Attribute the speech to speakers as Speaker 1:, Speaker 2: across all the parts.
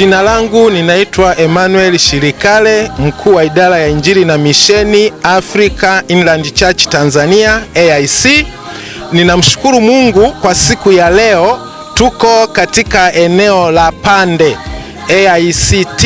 Speaker 1: Jina langu ninaitwa Emmanuel Shirikale, mkuu wa idara ya Injili na Misheni Africa Inland Church Tanzania AIC. Ninamshukuru Mungu kwa siku ya leo, tuko katika eneo la Pande AICT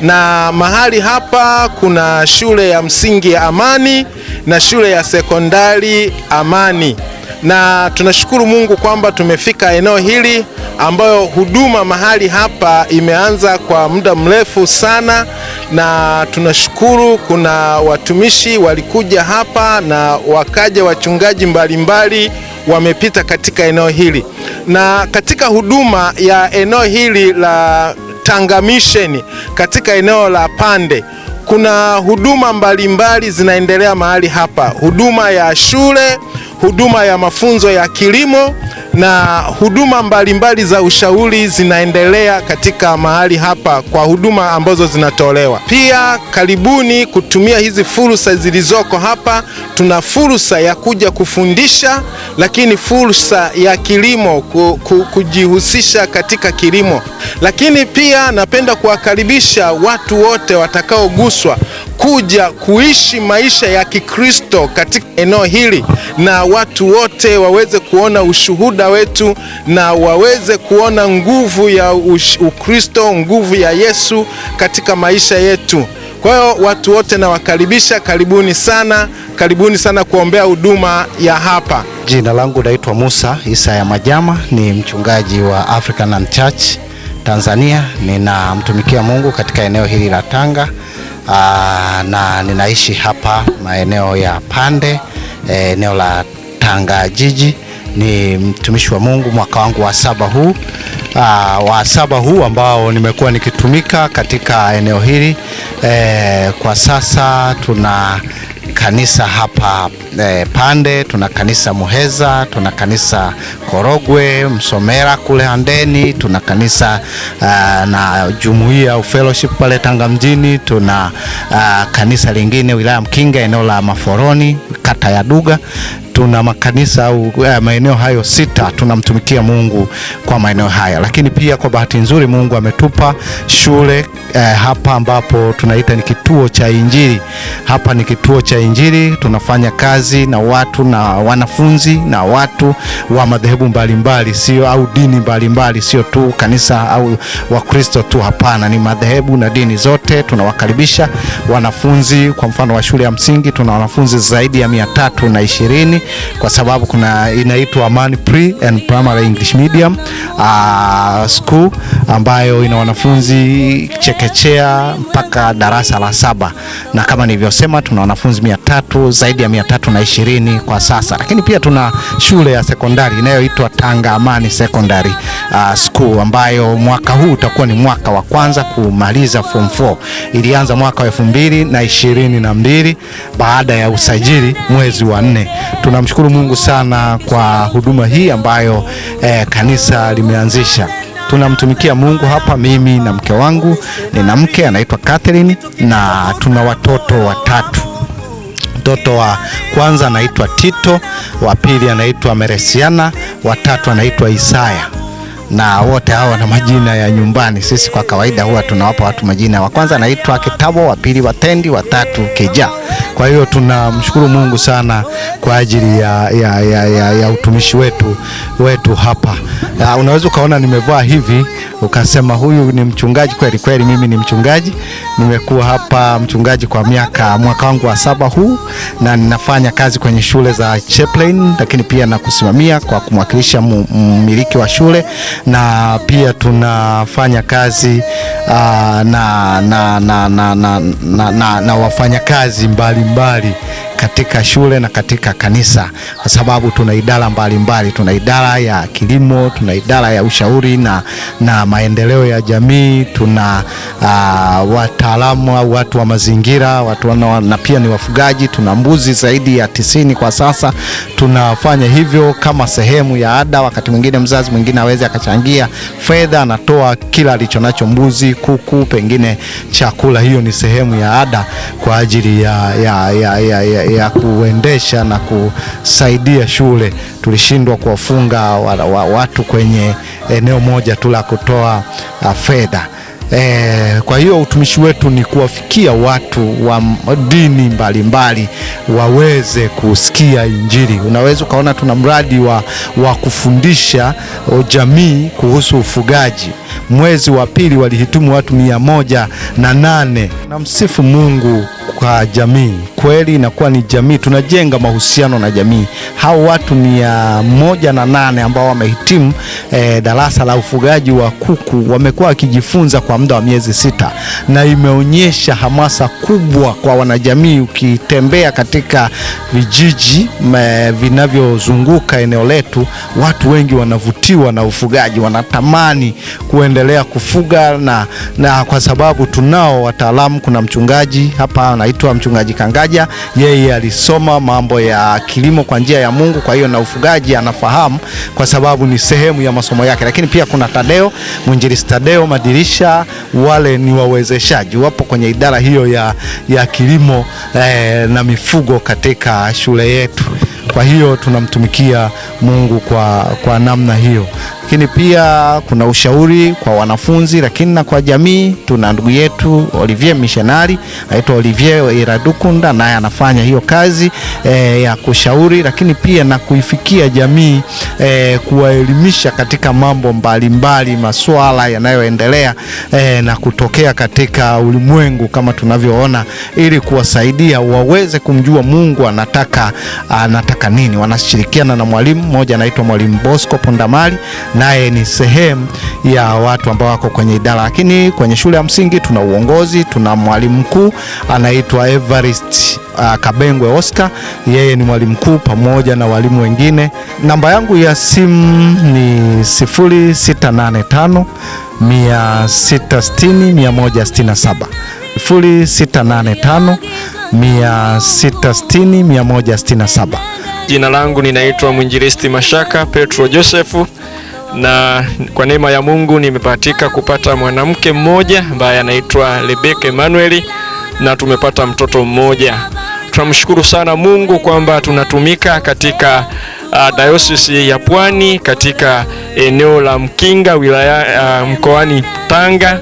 Speaker 1: na mahali hapa kuna shule ya msingi ya Amani na shule ya sekondari Amani, na tunashukuru Mungu kwamba tumefika eneo hili ambayo huduma mahali hapa imeanza kwa muda mrefu sana, na tunashukuru kuna watumishi walikuja hapa na wakaja wachungaji mbalimbali mbali wamepita katika eneo hili na katika huduma ya eneo hili la Tanga katika eneo la Pande kuna huduma mbalimbali mbali zinaendelea mahali hapa, huduma ya shule, huduma ya mafunzo ya kilimo na huduma mbalimbali mbali za ushauri zinaendelea katika mahali hapa kwa huduma ambazo zinatolewa. Pia karibuni kutumia hizi fursa zilizoko hapa. Tuna fursa ya kuja kufundisha, lakini fursa ya kilimo ku, ku, kujihusisha katika kilimo, lakini pia napenda kuwakaribisha watu wote watakaoguswa kuja kuishi maisha ya Kikristo katika eneo hili, na watu wote waweze kuona ushuhuda wetu na waweze kuona nguvu ya Ukristo, nguvu ya Yesu katika maisha yetu. Kwa hiyo watu wote nawakaribisha, karibuni sana, karibuni sana kuombea huduma ya hapa.
Speaker 2: Jina langu naitwa Musa Isa ya Majama, ni mchungaji wa African and Church Tanzania, ninamtumikia Mungu katika eneo hili la Tanga aa, ah, na ninaishi hapa maeneo ya Pande e, eneo la Tanga jiji. Ni mtumishi wa Mungu, mwaka wangu wa saba huu aa, ah, wa saba huu ambao nimekuwa nikitumika katika eneo hili e, kwa sasa tuna kanisa hapa eh, Pande, tuna kanisa Muheza, tuna kanisa Korogwe, Msomera kule Handeni, tuna kanisa uh, na jumuiya au fellowship pale Tanga mjini, tuna uh, kanisa lingine wilaya Mkinga eneo la Maforoni kata ya Duga tuna makanisa au eh, maeneo hayo sita tunamtumikia Mungu kwa maeneo haya, lakini pia kwa bahati nzuri Mungu ametupa shule eh, hapa ambapo tunaita ni kituo cha Injili. Hapa ni kituo cha Injili, tunafanya kazi na watu na wanafunzi na watu wa madhehebu mbalimbali, sio au dini mbalimbali, sio tu kanisa au Wakristo tu, hapana, ni madhehebu na dini zote. Tunawakaribisha wanafunzi, kwa mfano wa shule ya msingi tuna wanafunzi zaidi ya mia tatu na ishirini kwa sababu kuna inaitwa Amani Pre and Primary English Medium uh, School ambayo ina wanafunzi chekechea mpaka darasa la saba, na kama nilivyosema, tuna wanafunzi mia tatu zaidi ya mia tatu na ishirini kwa sasa, lakini pia tuna shule ya sekondari inayoitwa Tanga Amani Secondary uh, School ambayo mwaka huu utakuwa ni mwaka wa kwanza kumaliza form 4. Ilianza mwaka wa elfu mbili na ishirini na mbili baada ya usajili mwezi wa nne tunamshukuru Mungu sana kwa huduma hii ambayo eh, kanisa limeanzisha. Tunamtumikia Mungu hapa, mimi na mke wangu. Nina mke anaitwa Catherine na tuna watoto watatu. Mtoto wa kwanza anaitwa Tito, wa pili anaitwa Meresiana, watatu anaitwa Isaya na wote hao wana majina ya nyumbani. Sisi kwa kawaida huwa tunawapa watu majina. Wa kwanza anaitwa Kitabo, wa pili Watendi, watatu Keja. Kwa hiyo tunamshukuru Mungu sana kwa ajili ya, ya, ya, ya, ya utumishi wetu, wetu hapa. Ah, unaweza ukaona nimevaa hivi ukasema huyu ni mchungaji kweli kweli. Mimi ni mchungaji, nimekuwa hapa mchungaji kwa miaka mwaka wangu wa saba huu, na ninafanya kazi kwenye shule za chaplain, lakini pia na kusimamia kwa kumwakilisha mmiliki wa shule, na pia tunafanya kazi uh, na, na, na, na, na, na, na, na wafanyakazi mbali mbali katika shule na katika kanisa, kwa sababu tuna idara mbalimbali. Tuna idara ya kilimo, tuna idara ya ushauri na, na maendeleo ya jamii, tuna uh, wataalamu au watu wa mazingira watu na, na pia ni wafugaji. Tuna mbuzi zaidi ya tisini kwa sasa. Tunafanya hivyo kama sehemu ya ada. Wakati mwingine mzazi mwingine aweze akachangia fedha, anatoa kila alichonacho, mbuzi, kuku, pengine chakula. Hiyo ni sehemu ya ada kwa ajili ya, ya, ya, ya, ya ya kuendesha na kusaidia shule. Tulishindwa kuwafunga watu kwenye eneo moja tu la kutoa uh, fedha. E, kwa hiyo utumishi wetu ni kuwafikia watu wa dini mbalimbali mbali, waweze kusikia Injili. Unaweza ukaona tuna mradi wa, wa kufundisha uh, jamii kuhusu ufugaji. Mwezi wa pili walihitimu watu mia moja na nane. Namsifu Mungu kwa jamii kweli, inakuwa ni jamii, tunajenga mahusiano na jamii. Hao watu mia moja na nane ambao wamehitimu e, darasa la ufugaji wa kuku wamekuwa wakijifunza kwa muda wa miezi sita, na imeonyesha hamasa kubwa kwa wanajamii. Ukitembea katika vijiji vinavyozunguka eneo letu, watu wengi wanavutiwa na ufugaji, wanatamani kuendelea kufuga na, na kwa sababu tunao wataalamu, kuna mchungaji hapa anaitwa Mchungaji Kangaja. Yeye alisoma mambo ya kilimo kwa njia ya Mungu, kwa hiyo na ufugaji anafahamu kwa sababu ni sehemu ya masomo yake. Lakini pia kuna Tadeo, mwinjilisti Tadeo Madirisha, wale ni wawezeshaji, wapo kwenye idara hiyo ya, ya kilimo eh, na mifugo katika shule yetu. Kwa hiyo tunamtumikia Mungu kwa, kwa namna hiyo lakini pia kuna ushauri kwa wanafunzi, lakini na kwa jamii. Tuna ndugu yetu Olivier missionari aitwa Olivier Iradukunda, naye anafanya hiyo kazi e, ya kushauri, lakini pia na kuifikia jamii e, kuwaelimisha katika mambo mbalimbali mbali, masuala yanayoendelea e, na kutokea katika ulimwengu kama tunavyoona, ili kuwasaidia waweze kumjua Mungu anataka anataka nini. Wanashirikiana na mwalimu mmoja anaitwa Mwalimu Bosco Pondamali na naye ni sehemu ya watu ambao wako kwenye idara. Lakini kwenye shule ya msingi tuna uongozi, tuna mwalimu mkuu anaitwa Everest uh, Kabengwe Oscar, yeye ni mwalimu mkuu pamoja na walimu wengine. Namba yangu ya simu ni 0685 660
Speaker 3: Jina langu ninaitwa mwinjilisti Mashaka Petro Josefu na kwa neema ya Mungu nimebahatika kupata mwanamke mmoja ambaye anaitwa Rebeka Emanueli na tumepata mtoto mmoja. Tunamshukuru sana Mungu kwamba tunatumika katika uh, dayosisi ya Pwani katika eneo la Mkinga wilaya uh, mkoani Tanga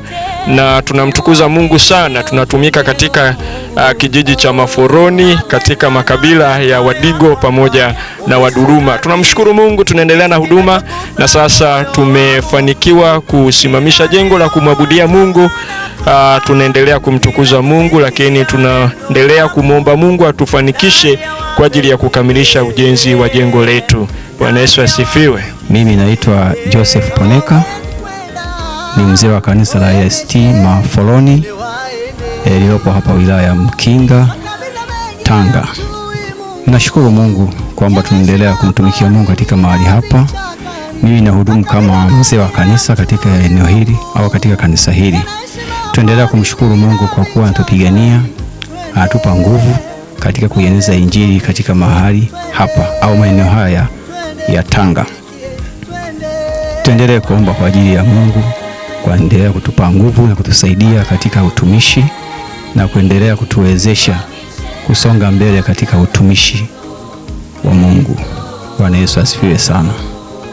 Speaker 3: na tunamtukuza Mungu sana. Tunatumika katika uh, kijiji cha Maforoni katika makabila ya Wadigo pamoja na Waduruma. Tunamshukuru Mungu, tunaendelea na huduma na sasa tumefanikiwa kusimamisha jengo la kumwabudia Mungu. Uh, tunaendelea kumtukuza Mungu, lakini tunaendelea kumwomba Mungu atufanikishe kwa ajili ya kukamilisha ujenzi wa jengo letu. Bwana Yesu asifiwe.
Speaker 4: Mimi naitwa Joseph Poneka ni mzee wa kanisa la AICT Mafoloni eh, iliyopo hapa wilaya ya Mkinga, Tanga. Nashukuru Mungu kwamba tunaendelea kumtumikia Mungu katika mahali hapa. Mimi nahudumu kama mzee wa kanisa katika eneo hili au katika kanisa hili. Tuendelea kumshukuru Mungu kwa kuwa anatupigania, anatupa nguvu katika kuieneza Injili katika mahali hapa au maeneo haya ya Tanga. Tuendelee kuomba kwa ajili ya Mungu kuendelea kutupa nguvu na kutusaidia katika utumishi na kuendelea kutuwezesha kusonga mbele katika utumishi wa Mungu. Bwana Yesu asifiwe sana.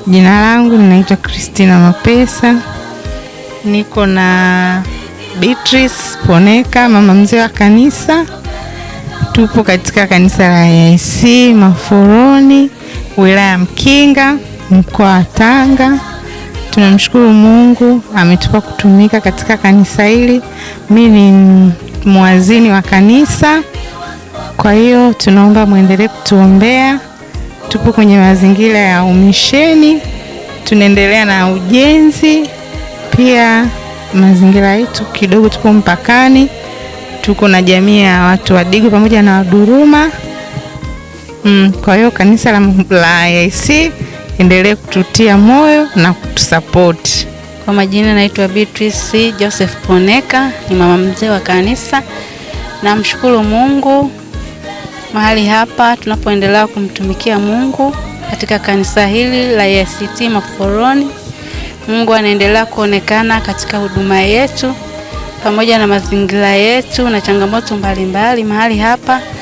Speaker 5: Jina langu ninaitwa kristina Mapesa, niko na Beatrice Poneka, mama mzee wa kanisa. Tupo katika kanisa la AIC Maforoni, wilaya Mkinga, mkoa wa Tanga. Tunamshukuru Mungu ametupa kutumika katika kanisa hili. Mimi ni mwazini wa kanisa, kwa hiyo tunaomba mwendelee kutuombea. Tupo kwenye mazingira ya umisheni, tunaendelea na ujenzi pia. Mazingira yetu kidogo, tupo mpakani, tuko na jamii ya watu Wadigo pamoja na Waduruma. Mm, kwa hiyo kanisa la, la IC endelee kututia moyo na kutusapoti.
Speaker 6: Kwa majina naitwa Beatrice Joseph Poneka, ni mama mzee wa kanisa. Namshukuru Mungu mahali hapa tunapoendelea kumtumikia Mungu katika kanisa hili la EACT makoroni Mungu anaendelea kuonekana katika huduma yetu pamoja na mazingira yetu na changamoto mbalimbali mahali hapa.